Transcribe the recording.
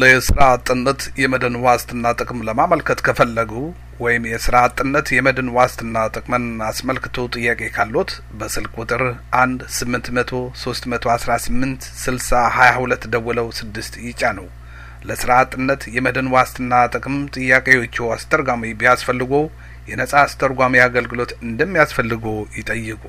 ለስራ አጥነት የመድን ዋስትና ጥቅም ለማመልከት ከፈለጉ ወይም የስራ አጥነት የመድን ዋስትና ጥቅምን አስመልክቶ ጥያቄ ካሎት በስልክ ቁጥር አንድ ስምንት መቶ ሶስት መቶ አስራ ስምንት ስልሳ ሀያ ሁለት ደውለው ስድስት ይጫኑ። ለስራ አጥነት የመድን ዋስትና ጥቅም ጥያቄዎቹ አስተርጓሚ ቢያስፈልጉ የነጻ አስተርጓሚ አገልግሎት እንደሚያስፈልጉ ይጠይቁ።